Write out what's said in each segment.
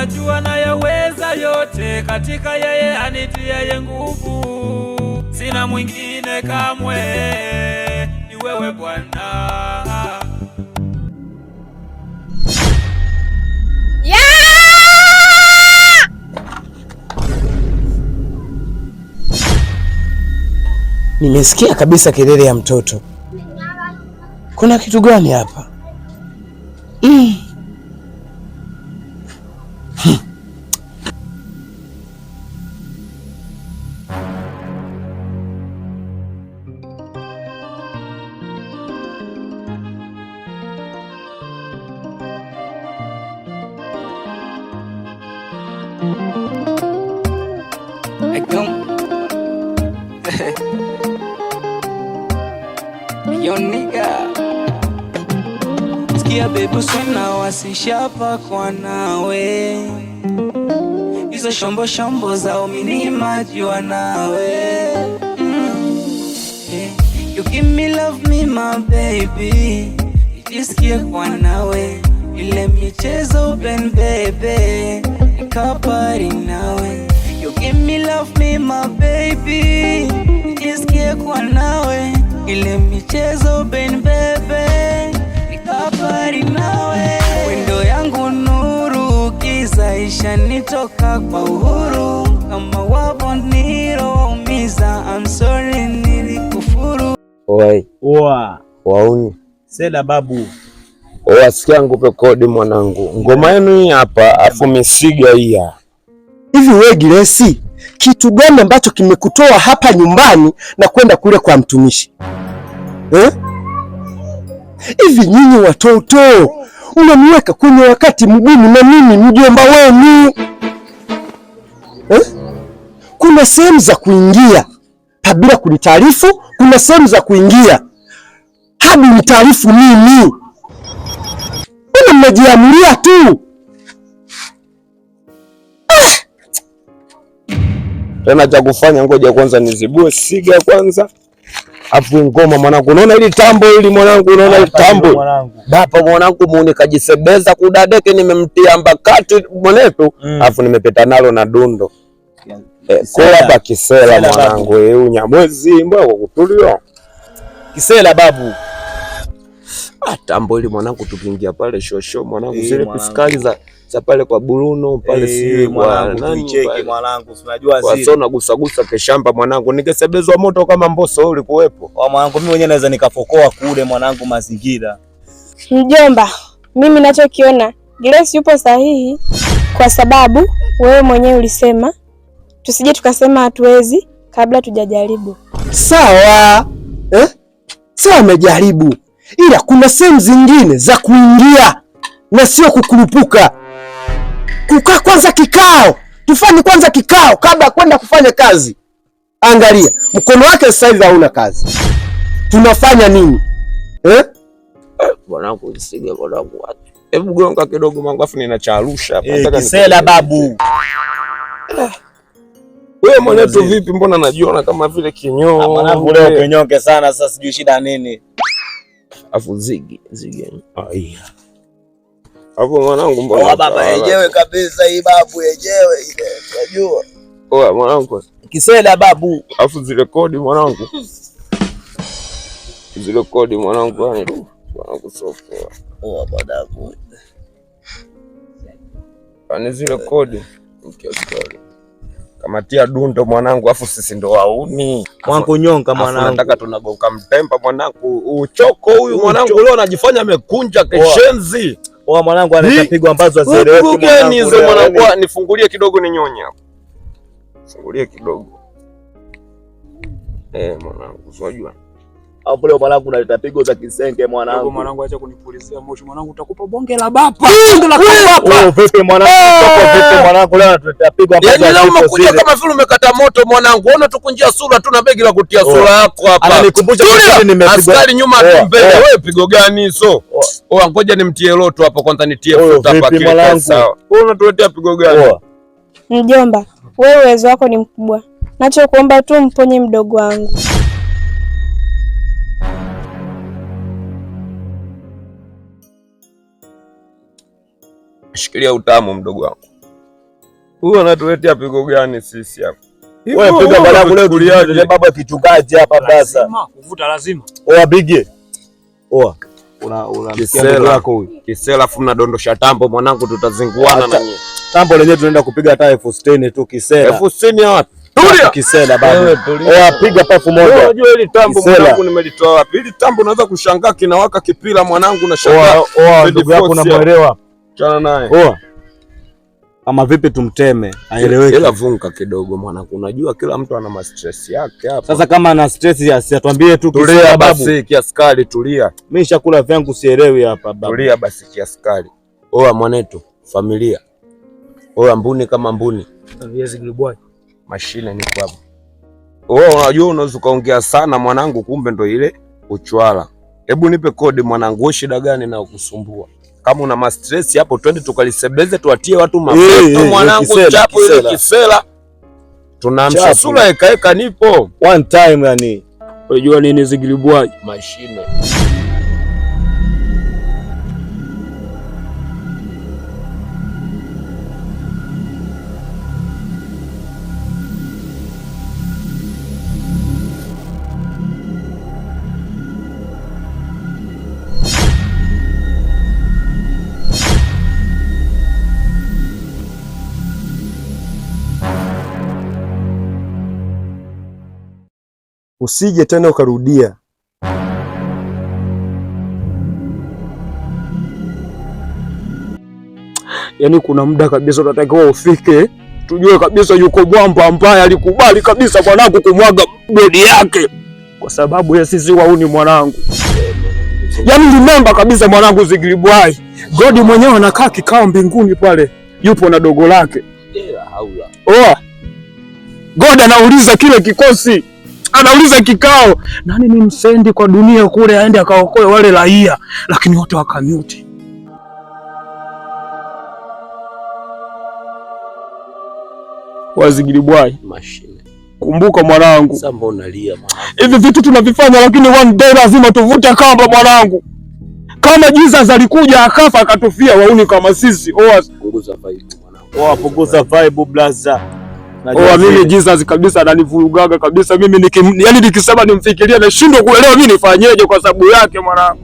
najua nayaweza yote katika yeye anitiaye nguvu. Sina mwingine kamwe, ni wewe Bwana. Nimesikia kabisa kelele ya mtoto. Kuna kitu gani hapa? mm. Sikia bebu, sina wasishapa kwa nawe, hizo shombo shombo zao mini nawe mm. eh, nijisikie kwa nawe, ile michezo ben bebe nikapari nawe Give me love me my baby, nijisikie kuwa nawe, ile michezo ben bebe, nikapari nawe, wendo yangu nuru, kiza isha nitoka kwa uhuru, kama wabo niro Umiza I'm sorry kufuru Uwai Uwa Wauni. Seda babu. Oa, sikia ngupe kodi mwanangu, ngoma yenu hii hapa, afu misiga hii ya hivi wewe Grace, kitu gani ambacho kimekutoa hapa nyumbani na kwenda kule kwa mtumishi eh? Hivi nyinyi watoto unaniweka kwenye wakati mgumu, na mimi mjomba wenu eh? Kuna sehemu za kuingia bila kunitaarifu, kuna sehemu za kuingia hadi nitaarifu mimi. Mbona mnajiamulia tu? Ah! tena cha kufanya, ngoja kwanza nizibue siga kwanza, afu ngoma mwanangu. Unaona hili tambo hili mwanangu, unaona hili tambo bapa mwanangu, muone kajisebeza kudadeke, nimemtia mbakati mwanetu mm. afu nimepita nalo na dundo eh, hapa kisela mwanangu, eu nyamwezi mbwa kwa kutulio kisela babu atambo eh, ah, hili mwanangu, tukiingia pale shosho mwanangu, eh, zile kusikaliza za pale kwa Bruno pale, eh, si mwanangu, unajua zile unagusa gusa keshamba mwanangu, ningesebezwa moto kama mboso ulikuwepo. Wa mwanangu, mimi mwenyewe naweza nikafokoa kule mwanangu, mazingira. Mjomba, mimi nachokiona Grace yupo sahihi, kwa sababu wewe mwenyewe ulisema tusije tukasema hatuwezi kabla tujajaribu. Sawa eh? Sawa, amejaribu ila kuna sehemu zingine za kuingia na sio kukurupuka kukaa kwanza kikao, tufanye kwanza kikao kabla ya kwenda kufanya kazi. Angalia mkono wake sasa hivi hauna kazi, tunafanya nini eh? Bwanangu usige bwanangu, hebu gonga kidogo mwanangu, afu nina cha Arusha hapa eh, nataka nisela babu. Eh. Wewe mwanetu vipi, mbona najiona kama vile kinyoo? Ah, mwanangu leo kinyoke sana, sasa sijui shida nini. Afu zigi zigi. Ah, yeah. Hapo mwanangu, mbona baba yenyewe kabisa hii babu yenyewe ile unajua. Oa mwanangu. Kisela babu. Alafu zirekodi mwanangu. Zirekodi mwanangu yani Mwanangu sofo. Oa babu. Ani zirekodi mkio Kamatia dundo mwanangu, afu sisi ndo wauni mwanangu, nyonga mwanangu, nataka tunagoka mtemba mwanangu, uchoko huyu mwanangu, leo anajifanya amekunja keshenzi. Oa mwanangu analeta pigo ambazo Mwanangu Nifungulie kidogo ninyonye hapo. Fungulie kidogo. Eh, mwanangu, unajua hapo leo mwanangu unaleta pigo za kisenge mwanangu. Mwanangu acha kunipulizia moshi mwanangu, utakupa bonge la bapa. Bonge la bapa. Oh, vipi mwanangu? Eh! Toka vipi mwanangu leo unaleta pigo hapa. Yaani leo umekuja kama vile umekata moto mwanangu. Unaona tukunjia sura tu na begi la kutia oh. sura yako hapa. Ananikumbusha kwa nini nimepigwa. Askari nyuma eh, tumbele. Eh. Wewe pigo gani hizo? Oh, oh ngoja nimtie loto hapo kwanza nitie oh, futa hapa kile. Sawa. Wewe unatuletea pigo gani? Mjomba, wewe uwezo wako ni mkubwa. Nachokuomba tu mponye mdogo wangu. Shikilia utamu mdogo wangu. Huyu anatuletea pigo gani sisi hapa? Wewe piga baada kule kuliaje baba kichungaji hapa sasa? Kuvuta lazima. Oa bige. Oa. Una una kisela yako huyu. Kisela afu mnadondosha tambo mwanangu tutazinguana na nyinyi. Tambo lenyewe tunaenda kupiga hata elfu sitini tu kisela. Elfu sitini wapi? Tulia. Kisela baba. Oa piga pafu moja. Unajua ile tambo mwanangu nimelitoa wapi? Ile tambo unaweza kushangaa kinawaka kipira mwanangu na shangaa. Oa ndugu yako unamuelewa. hapa. Chana naye. Poa. Ama vipi tumteme? Aeleweke. Ila vunga kidogo mwana, unajua kila mtu ana ma stress yake hapa. Sasa kama ana stress asiatwambie tu tulia basi kiaskari tulia. Mimi shakula vyangu sielewi hapa babu. Tulia basi kiaskari. Oa mwanetu, familia. Oa mbuni kama mbuni. Viazi gribwai. Mashine ni kwako. Oa unajua unaweza ukaongea sana mwanangu, kumbe ndo ile uchwala. Hebu nipe kodi mwanangu, shida gani na kukusumbua? kama una mastress hapo, twende tukalisebeze, tuwatie watu eh, mapepo eh, eh, mwanangu, chapo ile kisela, tunamsha sura ekaeka, nipo one time yani, unajua nini zigilibwaji mashine usije tena ukarudia. Yaani kuna muda kabisa unatakiwa ufike tujue kabisa yuko mwamba ambaye alikubali kabisa mwanangu kumwaga bodi yake kwa sababu ya sisi wauni mwanangu. Yaani remember kabisa mwanangu zigiribwai Godi mwenyewe anakaa kikao mbinguni pale, yupo na dogo lake. Oa Godi anauliza kile kikosi anauliza kikao, nani ni msendi kwa dunia kule aende akaokoe wale raia, lakini wote wakanyuti Wazigilibwai mashine, kumbuka mwanangu, hivi vitu tunavifanya, lakini one day lazima tuvute kamba mwanangu. Kama Jesus alikuja akafa akatufia, wauni kama sisi oa oh, punguza vibe, blaza Oh, mimi Jesus kabisa ananivurugaga kabisa mimi niki, yani nikisema nimfikirie nashindwa kuelewa mimi nifanyeje kwa sababu yake mwanangu.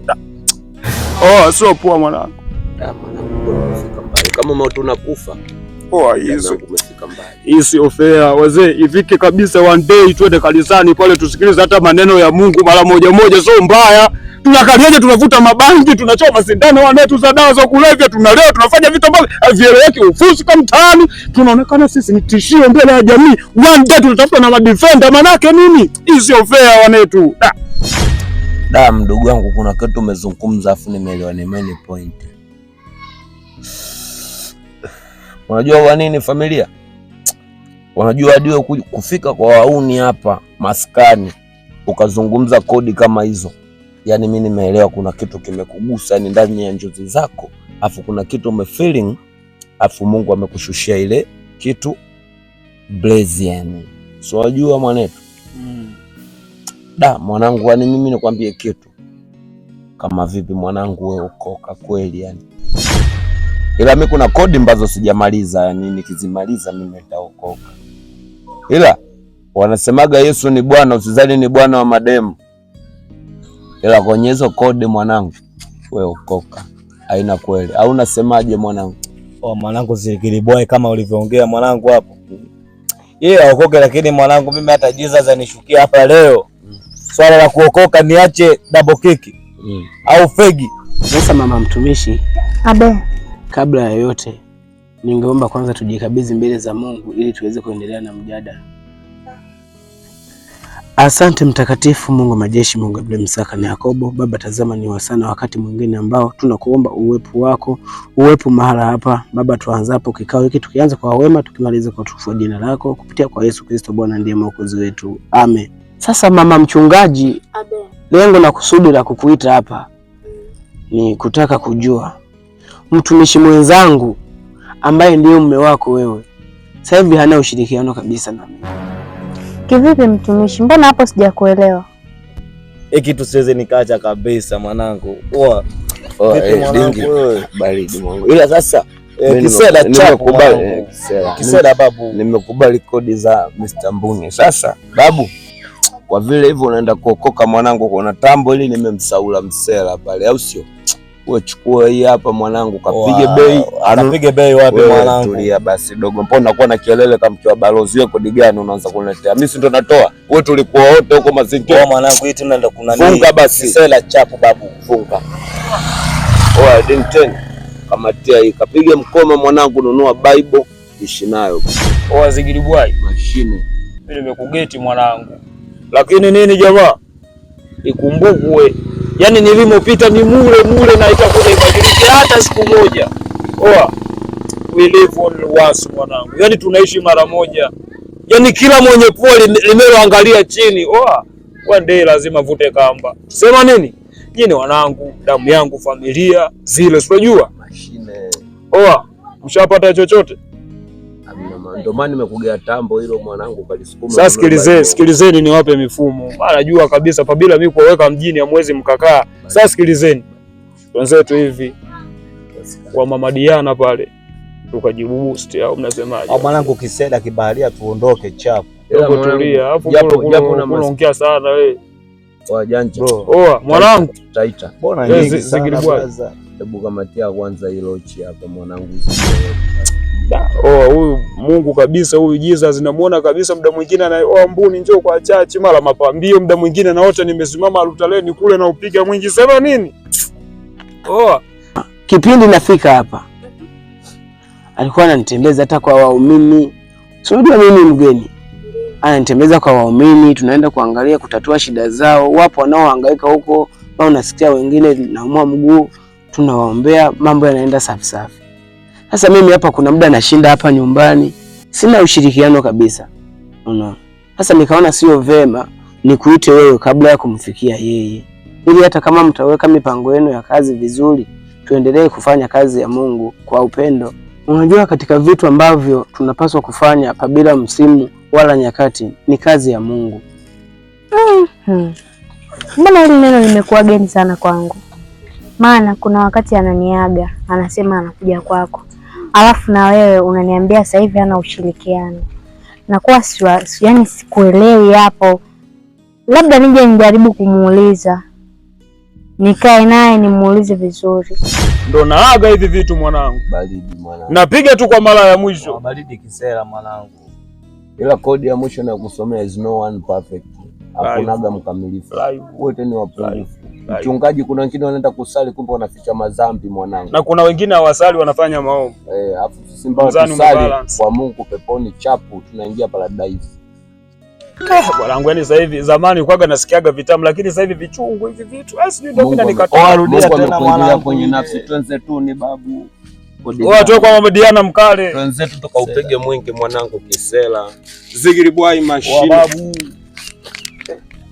Oh, sio poa mwanangu. Ah, Kama mtu unakufa. Poa oh, hizo. Hii sio fair. Wazee, ifike kabisa one day twende kanisani pale tusikilize hata maneno ya Mungu mara moja moja, sio mbaya tunakaliaje, tunavuta mabangi, tunachoma sindano, za dawa za kulevya, tunalewa, tunafanya vitu ambavyo havieleweki, kwa mtaani, tunaonekana sisi ni tishio mbele ya jamii. One day tunatafuta na madefenda, manake nini? Hii sio fair wanetu. Da, da, mdogo wangu, kuna kitu umezungumza afu nimeelewa ni main point. Unajua kwa nini familia? wanajua hadi kufika kwa wauni hapa maskani ukazungumza kodi kama hizo yani mimi nimeelewa kuna kitu kimekugusa yani ndani ya njozi zako, afu kuna kitu umefeeling, afu Mungu amekushushia ile kitu blaze yani. So unajua mwanetu mm. Da mwanangu, yani mimi nikwambie kitu kama vipi mwanangu, wewe ukoka kweli yani, ila mi kuna kodi ambazo sijamaliza yani, nikizimaliza mimi nitaokoka, ila wanasemaga Yesu ni Bwana, usizani ni bwana wa mademu ila kwenye hizo kode mwanangu, we okoka, haina kweli. Au unasemaje mwanangu? Oh, mwanangu zikili boy, kama ulivyoongea mwanangu hapo, yeye aokoke. Lakini mwanangu, mimi hata Jesus anishukia hapa leo, swala la kuokoka niache double kick mm. au fegi. Sasa mama mtumishi Abe, kabla ya yote ningeomba kwanza tujikabidhi mbele za Mungu ili tuweze kuendelea na mjadala. Asante mtakatifu Mungu wa majeshi, Mungu Ibrahim, Isaka na Yakobo. Baba, tazama ni wasana wakati mwingine ambao tunakuomba uwepo wako, uwepo mahala hapa Baba, tuanzapo kikao hiki, tukianza kwa wema, tukimaliza kwa tukufu jina lako, kupitia kwa Yesu Kristo Bwana ndiye mwokozi wetu, amen. Sasa mama mchungaji, amen. Lengo na kusudi la kukuita hapa ni kutaka kujua mtumishi mwenzangu ambaye ndiye mume wako wewe sasa hivi hana ushirikiano kabisa na mimi Kivipi mtumishi, mbona hapo sijakuelewa? E, kitu siwezi nikacha kabisa mwanangu. Oa. Eh, Ila sasa kiseda eh, Kiseda eh, babu. Nimekubali kodi za Mr. Mbuni. Sasa babu, kwa vile hivyo unaenda kuokoka mwanangu, kuna tambo ili nimemsaula msela pale, au sio? Chukua hii hapa mwanangu, kapige bei. Anapige bei wapi mwanangu? Tulia basi dogo, mbona unakuwa na kelele kama mkiwa balozi wako digani, unaanza kuniletea mimi, si ndo natoa? Wewe tulikuwa wote huko mazingira mwanangu, hii tena ndo kuna nini? Funga basi sela chapu babu, funga Oh oa dingten, kamatia hii, kapige mkoma mwanangu, nunua Bible ishi nayo Oh zigiri bwai mashine. Mimi nimekugeti mwanangu, lakini nini jamaa, ikumbukwe yani nilimopita ni mule mule na itakuja ibadilike hata siku moja. Oa, we live on once mwanangu, yani tunaishi mara moja, yani kila mwenye pua limeloangalia chini, oa, one day lazima vute kamba. Sema nini nyini, wanangu, damu yangu, familia zile, unajua mashine. Oa, mshapata chochote? kama ndio maana nimekugea tambo hilo mwanangu, kalisukuma. Sasa sikilizeni, sikilizeni niwape mifumo, najua kabisa pabila mimi kuweka mjini amwezi mkakaa. Sasa sikilizeni wenzetu hivi kwa mama Diana pale tukajibu boost au mnasemaje? Au ah, mwanangu kiseda kibaharia tuondoke chapu. Hebu tulia. Alafu unaongea sana wewe. Wajanja. Oa mwanangu. Taita. Mbona nyingi sana. Hebu kamatia kwanza hii lochi hapa mwanangu. Huyu Mungu kabisa, huyu Jesus namuona kabisa. Muda mwingine anaoa mbuni, njoo kwa chachi, mara mapambio. Muda mwingine naota nimesimama alutaleni kule na upiga mwingi sema nini. Oh, kipindi nafika hapa alikuwa ananitembeza hata kwa waumini, sijua mimi mgeni, ananitembeza kwa waumini, tunaenda kuangalia kutatua shida zao. Wapo wanaohangaika huko, au nasikia wengine naumwa mguu tunawaombea, mambo yanaenda safi safi. Sasa mimi hapa kuna muda nashinda hapa nyumbani, sina ushirikiano kabisa, unaona. Sasa nikaona sio vema nikuite wewe kabla ya kumfikia yeye, ili hata kama mtaweka mipango yenu ya kazi vizuri, tuendelee kufanya kazi ya Mungu kwa upendo. Unajua, katika vitu ambavyo tunapaswa kufanya pabila msimu wala nyakati ni kazi ya Mungu. Mm-hmm. Mbona mm hili neno limekuwa geni sana kwangu maana kuna wakati ananiaga anasema anakuja kwako, alafu na wewe unaniambia sasa hivi ana ushirikiano. Nakuwa yani sikuelewi hapo, labda nije nijaribu kumuuliza, nikae naye nimuulize vizuri. Ndo naaga hivi vitu mwanangu, baridi mwanangu, napiga tu kwa mara ya mwisho. Baridi kisera mwanangu, ila kodi ya mwisho na kusomea is no one perfect hakunaga mkamilifu, wote ni wapungufu. Mchungaji, kuna wengine wanaenda kusali, kumbe wanaficha madhambi mwanangu, na kuna wengine hawasali, wanafanya maombi eh, afu sisi mbao kusali kwa Mungu peponi chapu, tunaingia paradise eh, Bwanangu, yani sasa hivi, zamani kwaga nasikiaga vitamu, lakini sasa hivi vichungu hivi vitu eh, ndio nikatoa. tena mwanangu kwenye nafsi. Tuanze tu ni babu kwa mamadiana mkale, tuanze tu tukaupige mwingi mwanangu, kisela zigiribwai mashine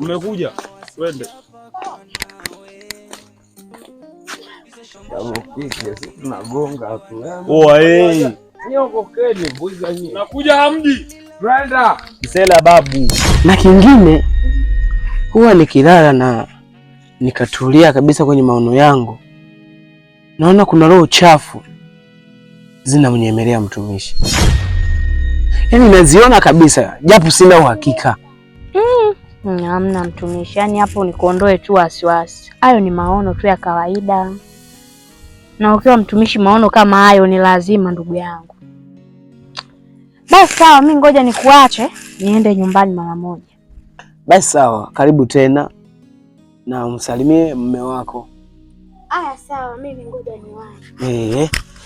Mmekuja twende. Tunagonga tu. Eh. Nakuja hamji. Brenda. Msela babu. Na kingine huwa nikilala na nikatulia kabisa kwenye maono yangu, naona kuna roho chafu zinamnyemelea mtumishi, yaani naziona kabisa japo sina uhakika. Mm, hamna mtumishi, yaani hapo nikuondoe tu wasiwasi. Hayo ni maono tu ya kawaida, na ukiwa mtumishi maono kama hayo ni lazima, ndugu yangu. Basi sawa, mi ngoja nikuache niende nyumbani mara moja. Basi sawa, karibu tena na umsalimie mme wako. Aya, sawa, mimi ngoja niwahi. Eh. eh.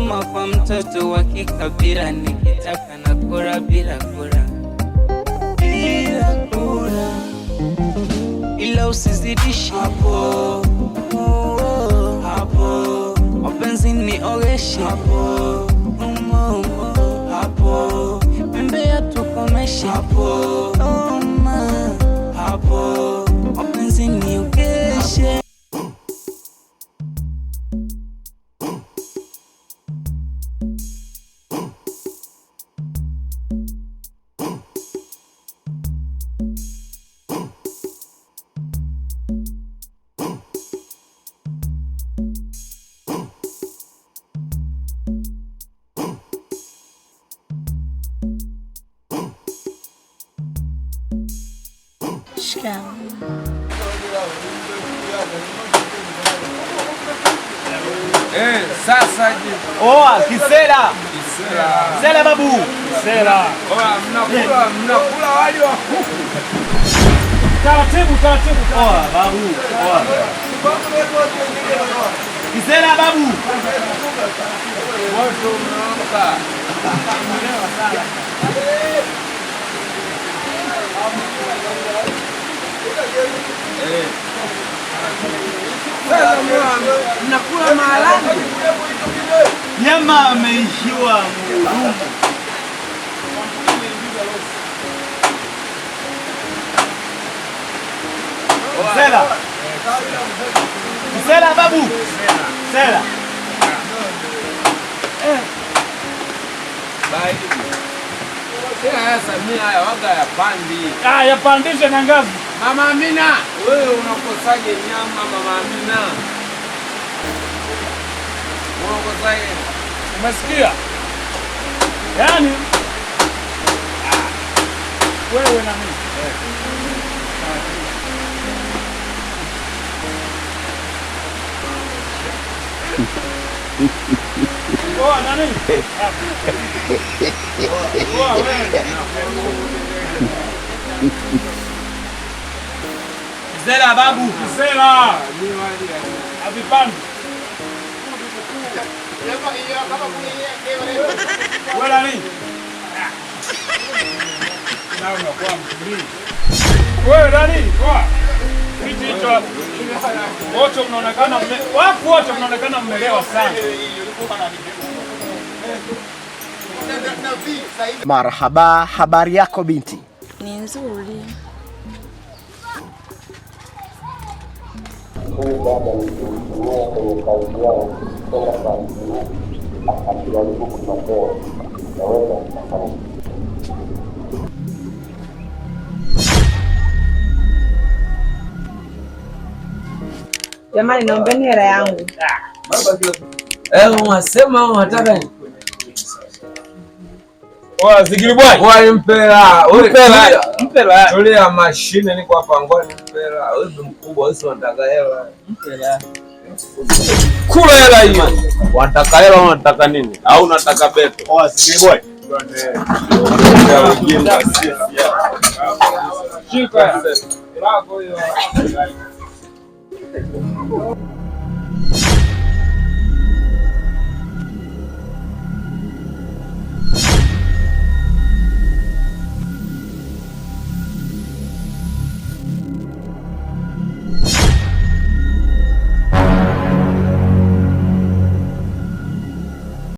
Kama kwa mtoto wa kikabila nikitaka na kura bila kura, bila kura, ila usizidishi hapo hapo, mapenzi ni ogeshi hapo hapo, pembe ya hapo hapo, mapenzi ni Eh, sasa je. Oa oh, kisera. Kisera. Kisera babu. Kisera. Oa oh, mnakula eh. mnakula wali wa kuku. Taratibu taratibu. Oa oh, babu. Oa. Kisera babu. Moto unaoka. Eh mnakula maharage. Nyama ameishiwa nguvu. Sela. Sela babu. Sela. Bye. Sela haya Samia haya waga yapandi. Ah, yapandishe na ngazi. Mama Amina, wewe unakosaje nyama? Mama Amina, unakosaje? Umesikia? Yaani ah, wewe na mimi ah. Zela babu. Zela. Avipambi. Wala nini? Wewe nani? Kwa. Kiti hicho Wote mnaonekana wapo wote mnaonekana mmelewa sana. Marhaba, habari yako binti? Ni nzuri. huyu dada nilitumia kwenye kazi yangu kwenda kuajiri akajaribu kutotea naweza Jamani, naombeni hela yangu. Mwasema eh, unataka zikiri bwana, mpe hela, mpe hela, tulia mashine, niko hapa ngoni hela, wewe mkubwa, wewe unataka hela. Kula hela hiyo. Unataka hela au unataka nini? Au unataka beto? Oh, sisi